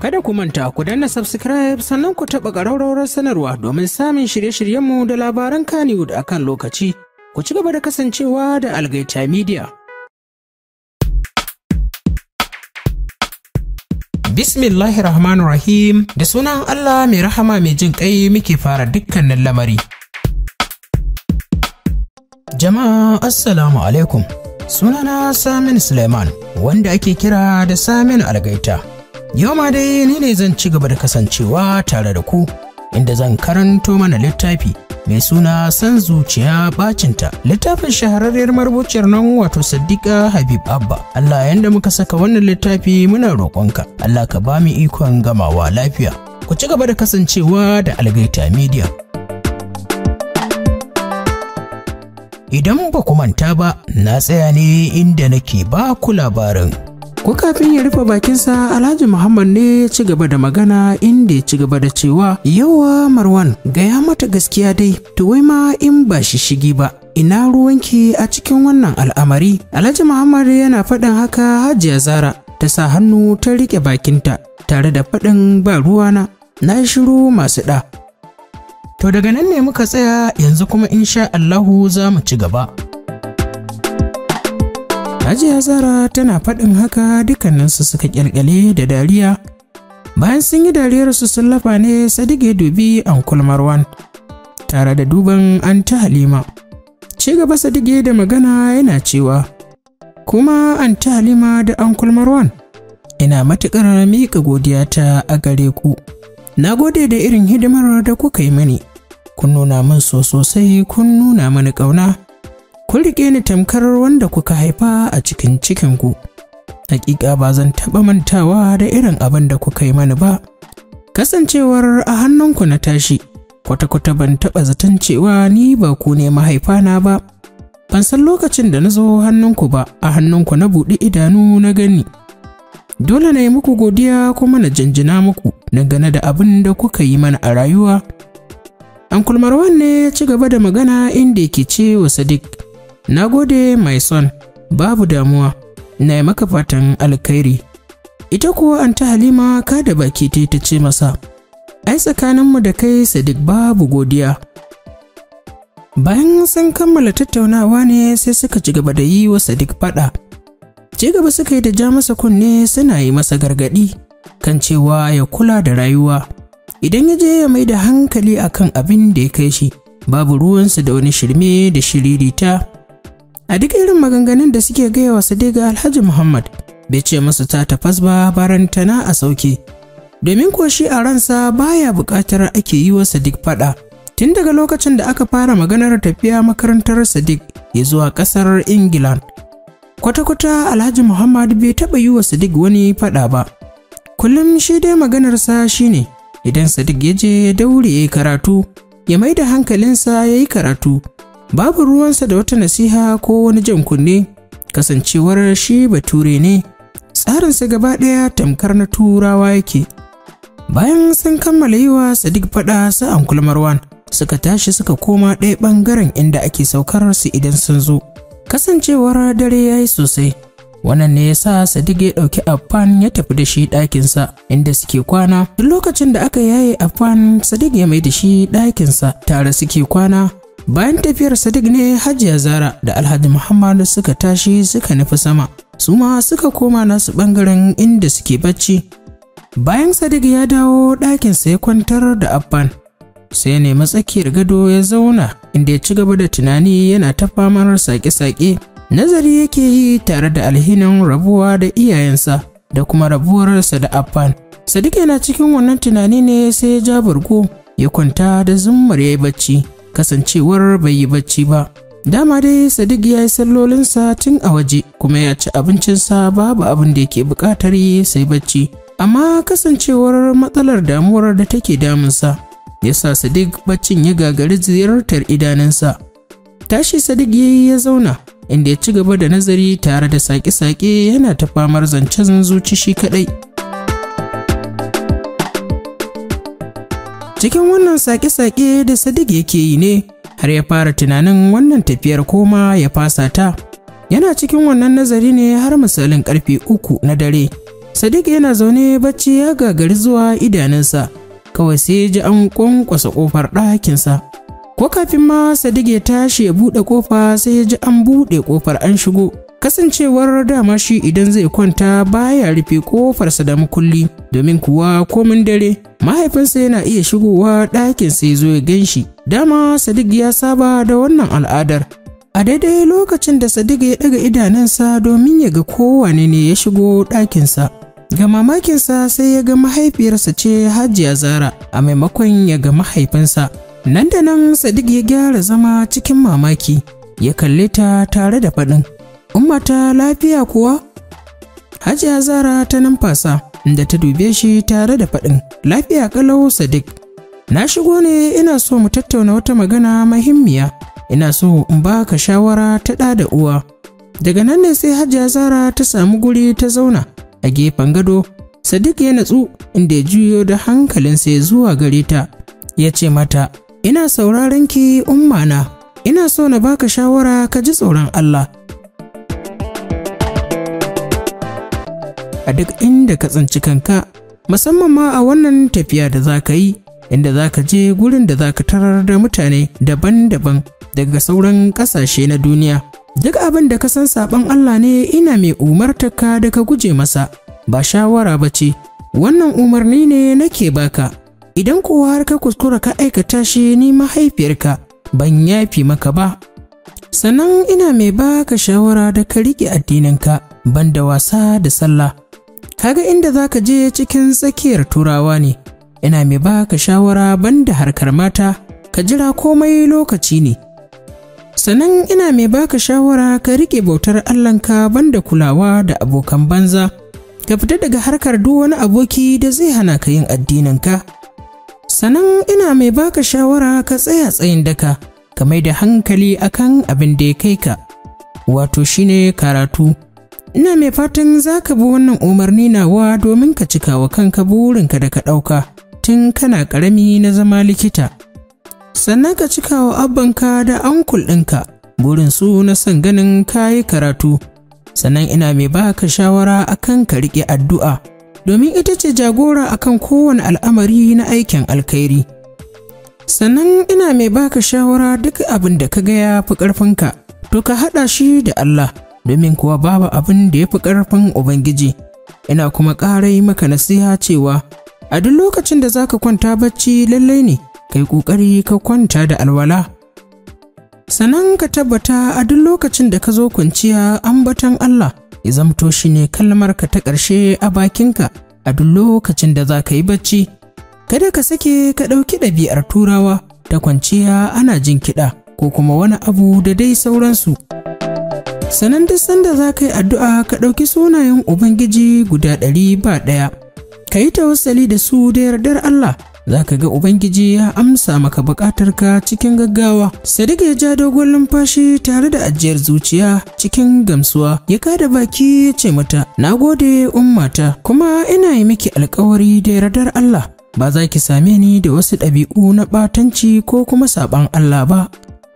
Kada ku manta ku danna subscribe sannan ku taɓa ƙararrawar sanarwa domin samun shirye-shiryenmu da labaran kaniwood a kan lokaci. Ku ci gaba da kasancewa da Algaita Media. Bismillahir Rahmanir Rahim da sunan Allah mai rahama mai jin ƙai muke fara dukkanin lamari. Jama'a Assalamu alaikum. Sunana Samin Suleiman wanda ake kira da Samin Algaita. Yau ma dai ni ne zan ci gaba da kasancewa tare da ku inda zan karanto mana littafi mai suna san zuciya bacinta littafin shahararriyar marubuciyar nan wato Sadiqa Habib Abba Allah yanda muka saka wannan littafi muna roƙonka Allah ka ba mu ikon gamawa lafiya ku ci gaba da kasancewa da Algaita Media Idan ba ku manta ba na tsaya ne inda nake ba ku labarin ko kafin ya rufe bakinsa alhaji muhammad ne ya ci gaba da magana inda ya ci gaba da cewa yawa marwan gaya mata gaskiya dai to wai ma in ba shi shigi ba ina ruwanki a cikin wannan al'amari alhaji muhammad yana faɗin haka hajiya zara ta sa hannu ta riƙe bakinta tare da faɗin ba ruwana na shiru masu ɗa to daga nan ne muka tsaya yanzu kuma insha allahu za mu ci gaba hajiya zara tana faɗin haka dukkaninsu suka ƙyalƙyale da dariya bayan sun yi dariyarsu sun lafa ne sadiq ya dubi ankul marwan tare da duban an ta halima ci gaba Sadige da magana yana cewa kuma an ta halima da ankul marwan ina matuƙar miƙa godiyata a gare ku na gode da irin hidimar da kuka yi mani kun nuna min so sosai kun nuna mani ƙauna kun riƙe ni tamkar wanda kuka haifa a cikin cikinku hakika ba zan taɓa mantawa da irin abin da kuka yi mani ba kasancewar a hannunku na tashi kwata-kwata ban taba zaton cewa ni ba ku ne na ba ban san lokacin da na zo hannunku ba a hannunku na buɗe idanu na gani dole na yi muku godiya kuma na jinjina muku dangane da abin da kuka yi mana a rayuwa an kulmar ne ya ci gaba da magana inda yake ce wa sadiq Na gode, mai son, babu damuwa, na yi maka fatan alkhairi. Ita kuwa an ta Halima ka da baki ta ta ce masa, ai tsakaninmu da kai sadik babu godiya. Bayan sun kammala tattaunawa ne sai suka ci gaba da yi wa Sadiq faɗa. Ci gaba suka yi da ja masa kunne suna yi masa gargaɗi kan cewa ya kula da rayuwa. Idan ya je ya mai da hankali akan abin da ya kai shi, babu ruwansa da wani shirme da shiririta. a duk irin maganganun da suke gaya wa sadiga alhaji muhammad bai ce masa ta tafas ba barantana a sauke domin ko shi a ransa baya buƙatar ake yi wa sadiq faɗa tun daga lokacin da aka fara maganar tafiya makarantar sadiq ya zuwa ƙasar Ingila, kwata-kwata alhaji muhammad bai taɓa yi wa sadiq wani faɗa ba kullum shi dai maganarsa shine idan sadiq ya je ya daure ya karatu ya mai da hankalinsa ya yi karatu babu ruwansa da wata nasiha ko wani jan kunne kasancewar shi bature ne tsarinsa gaba ɗaya tamkar na turawa yake bayan sun kammala yi wa sadiq faɗa sa'an ankul marwan suka tashi suka koma ɗaya ɓangaren inda ake saukar su idan sun zo kasancewar dare ya yi sosai wannan ne ya sa sadiq ya ɗauki afan ya tafi da shi ɗakinsa inda suke kwana duk lokacin da aka yaye afan sadiq ya mai da shi ɗakinsa tare suke kwana bayan tafiyar sadiq ne hajiya zara da alhaji muhammad suka tashi suka nufi sama su ma suka koma nasu bangaren inda suke bacci bayan sadiq ya dawo ɗakinsa ya kwantar da abban sai nemi tsakiyar gado ya zauna inda ya ci gaba da tunani yana ta famar sake-sake nazari yake yi tare da alhinin rabuwa da iyayensa da kuma rabuwarsa da abban sadiq yana cikin wannan tunani ne sai ya ja bargo ya kwanta da zummar ya yi bacci kasancewar bai yi bacci ba dama dai sadiq ya yi sallolinsa tun a waje kuma ya ci abincinsa babu abin da yake buƙatar yi sai bacci amma kasancewar matsalar damuwar da take damunsa ya sa sadiq baccin ya gagari ziyartar idanunsa tashi sadiq ya yi ya zauna inda ya ci gaba da nazari tare da saƙe-saƙe yana ta famar zancen zuci shi kaɗai cikin wannan sake-sake da sadiq yake yi ne har ya fara tunanin wannan tafiyar koma ya fasa ta yana cikin wannan nazari ne har misalin karfe uku na dare sadiq yana zaune bacci ya gagari zuwa idanunsa kawai sai ya ji an kwankwasa kofar ɗakinsa ko kafin ma sadiq ya tashi ya buɗe kofa sai ya ji an buɗe kofar an shigo kasancewar dama shi idan zai kwanta baya rufe kofarsa da makulli domin kuwa komin dare mahaifinsa yana iya shigowa ɗakin sai zo ya gan shi dama sadiq ya saba da wannan al'adar a daidai lokacin da sadiq ya ɗaga idanunsa domin ya ga kowane ne ya shigo ɗakinsa ga mamakinsa sai ya ga mahaifiyarsa ce hajiya zara a maimakon ya ga mahaifinsa nan da nan sadiq ya gyara zama cikin mamaki ya kalle ta tare da faɗin umma lafiya kuwa hajiya zara ta numfasa inda ta dube shi tare da faɗin lafiya kalau sadiq na shigo ne ina so mu tattauna wata magana mahimmiya ina so in ba ka shawara ta ɗa da uwa daga nan ne sai hajiya zara ta samu guri ta zauna a gefen gado sadiq ya natsu inda ya juyo da hankalinsa ya zuwa gare ta ya ce mata ina sauraron ki umma na. ina so na baka shawara ka ji tsoron allah a duk inda ka tsinci kanka musamman ma a wannan tafiya da za ka yi inda za ka je gurin da za ka tarar da mutane daban-daban daga sauran ƙasashe na duniya duk abin da ka san saɓon Allah ne ina mai umartaka da ka guje masa ba shawara ba ce wannan umarni ne nake baka idan kowa har ka kuskura ka aikata shi ni mahaifiyarka ban yafi maka ba sannan ina mai baka shawara da ka riƙe addininka ban da wasa da sallah kaga inda za ka je cikin tsakiyar turawa ne ina mai ba ka shawara banda harkar mata ka jira komai lokaci ne sannan ina mai ba ka shawara ka riƙe bautar allahnka banda kulawa da abokan banza ka fita daga harkar duk wani aboki da zai hana ka yin addininka sannan ina mai ba ka shawara ka tsaya tsayin daka ka mai da hankali akan abin da ya kai ka wato shine karatu Ina mai fatan za ka bi wannan umarni nawa domin ka cika wa kanka burinka da ka ɗauka tun kana ƙarami na zama likita. Sannan ka cika wa abbanka da ankul ɗinka su na son ganin kayi karatu. Sannan ina mai ba ka shawara akan ka riƙe addu'a domin ita ce jagora akan kowane al'amari na aikin alkhairi. Sannan ina mai baka shawara duk abin da ka gaya fi ƙarfinka, to ka haɗa shi da Allah. domin kuwa babu abin da ya fi ƙarfin Ubangiji. Ina kuma ƙara yi maka nasiha cewa, a duk lokacin da za ka kwanta bacci lallai ne, kai ƙoƙari ka kwanta da alwala. Sannan ka tabbata a duk lokacin da ka zo kwanciya ambaton Allah, ya zamto shi ne ka ta ƙarshe a bakinka a duk lokacin da za ka yi bacci. Kada ka sake ka ɗauki ɗabi'ar turawa ta kwanciya ana jin kiɗa ko kuma wani abu da dai sauransu. sanan duk sanda za ka yi addu'a ka ɗauki sunayen ubangiji guda ɗari ba ɗaya ka yi tawassali da su da yardar Allah za ka ga ubangiji ya amsa maka ka cikin gaggawa sadiq ya ja dogon numfashi tare da ajiyar zuciya cikin gamsuwa ya da baki ya ce mata na gode ummata kuma ina yi miki alkawari da yardar Allah ba za ki same ni da wasu ɗabi'u na ɓatanci ko kuma saɓan Allah ba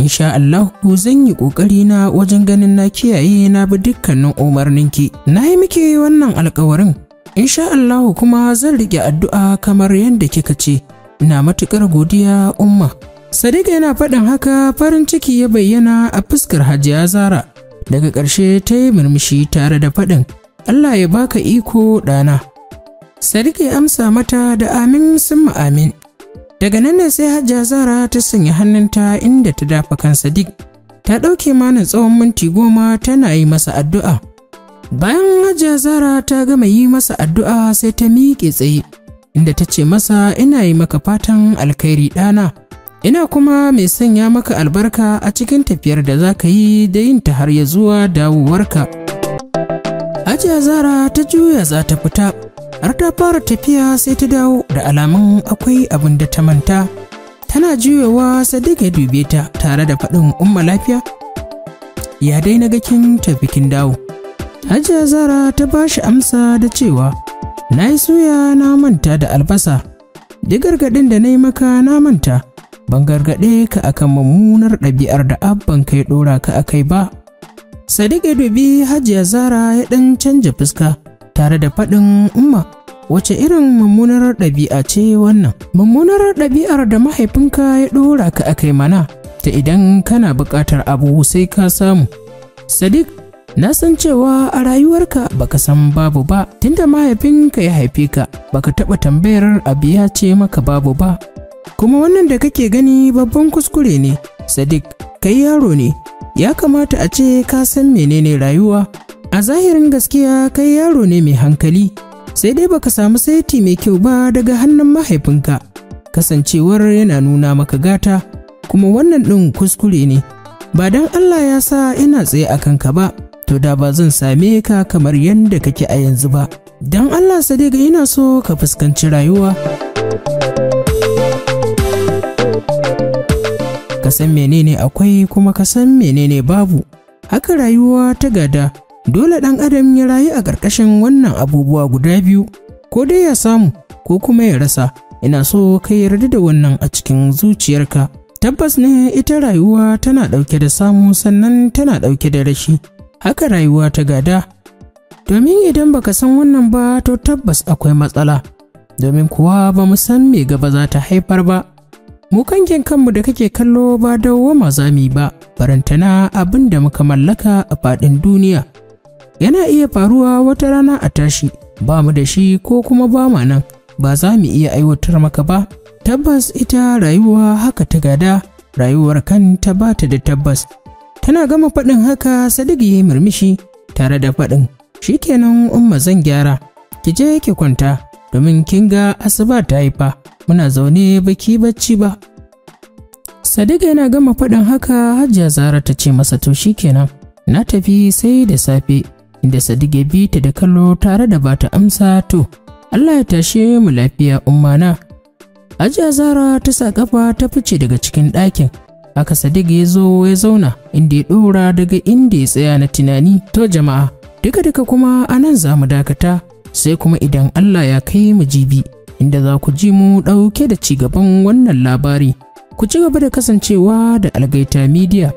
insha Allah zan yi ƙoƙari na wajen ganin na kiyaye na bi dukkanin umarninki na yi miki wannan alƙawarin insha Allah kuma zan riƙe addu'a kamar yadda kika ce na matuƙar godiya umma Sadiqa yana faɗin haka farin ciki ya bayyana a fuskar Hajiya Zara daga ƙarshe ta yi murmushi tare da faɗin Allah ya baka iko ɗana Sadiqa ya amsa mata da amin sun amin daga nan ne sai hajja zara ta sanya hannunta inda ta dafa kan sadiq ta ɗauke mana tsawon minti goma tana yi masa addu'a bayan hajja zara ta gama yi masa addu'a sai ta miƙe tsaye inda ta ce masa ina yi maka fatan alkhairi ɗana ina kuma mai sanya maka albarka a cikin tafiyar da za ka yi da yin ta har ya zuwa dawowarka hajja zara ta juya za ta fita har ta fara tafiya sai ta dawo da alamun akwai abin da ta manta tana juyawa sadiq ya dube ta tare da faɗin umma lafiya ya dai na ga kin dawo hajiya zara ta ba shi amsa da cewa na yi suya na manta da albasa da gargaɗin da na yi maka na manta ban gargaɗe ka akan mummunar ɗabi'ar da abban kai ɗora ka akai ba sadiq ya dubi hajiya zara ya ɗan canja fuska tare da faɗin umma wace irin mummunar ɗabi'a ce wannan mummunar ɗabi'ar da mahaifinka ya ɗora ka akai mana ta idan kana buƙatar abu sai ka samu sadiq na san cewa a rayuwarka baka san babu ba tunda mahaifinka ya haife ka baka taɓa tambayar abu ya ce maka babu ba kuma wannan da kake gani babban kuskure ne sadiq kai yaro ne ya kamata a ce ka san menene rayuwa A zahirin gaskiya kai yaro ne mai hankali, sai dai baka samu saiti mai kyau ba daga hannun mahaifinka. Kasancewar yana nuna maka gata, kuma wannan ɗin kuskure ne. Ba don Allah ya sa ina tsaye a kanka ba, to da ba zan same ka kamar yadda kake a yanzu ba. Don Allah ga ina so ka fuskanci rayuwa. Ka san menene akwai kuma ka san menene babu. Haka rayuwa ta gada Dole ɗan adam ya rayu a ƙarƙashin wannan abubuwa guda biyu, ko dai ya samu ko kuma ya rasa, ina so ka yarda da wannan a cikin zuciyarka. Tabbas ne ita rayuwa tana ɗauke da samu sannan tana ɗauke da rashi, haka rayuwa ta gada. Domin idan baka san wannan ba to tabbas akwai matsala, domin kuwa ba mu san me gaba za ta haifar ba. Mu kankin kanmu da kake kallo ba dawo za ba, barantana abin da muka mallaka a faɗin duniya. yana iya faruwa wata rana a tashi ba mu da shi ko kuma ba ma nan ba za mu iya aiwatar maka ba tabbas ita rayuwa haka ta gada rayuwar kanta ba ta da tabbas tana gama faɗin haka sadiq ya murmushi tare da faɗin shikenan umma zan gyara ki je ki kwanta domin kin ga asuba ta yi fa muna zaune baki bacci ba sadiq yana gama faɗin haka hajiya zara ta ce masa to shikenan na tafi sai da safe inda sadige ya bi ta da kallo tare da bata amsa to Allah ya tashe mu lafiya ummana Hajiya Zara ta sa kafa ta fice daga cikin ɗakin aka sadige ya zo ya zauna inda ya ɗora daga inda ya tsaya na tunani to jama'a duka duka kuma anan nan za mu dakata sai kuma idan Allah ya kai mu jibi inda za ku ji mu ɗauke da cigaban wannan labari ku ci gaba da kasancewa da algaita media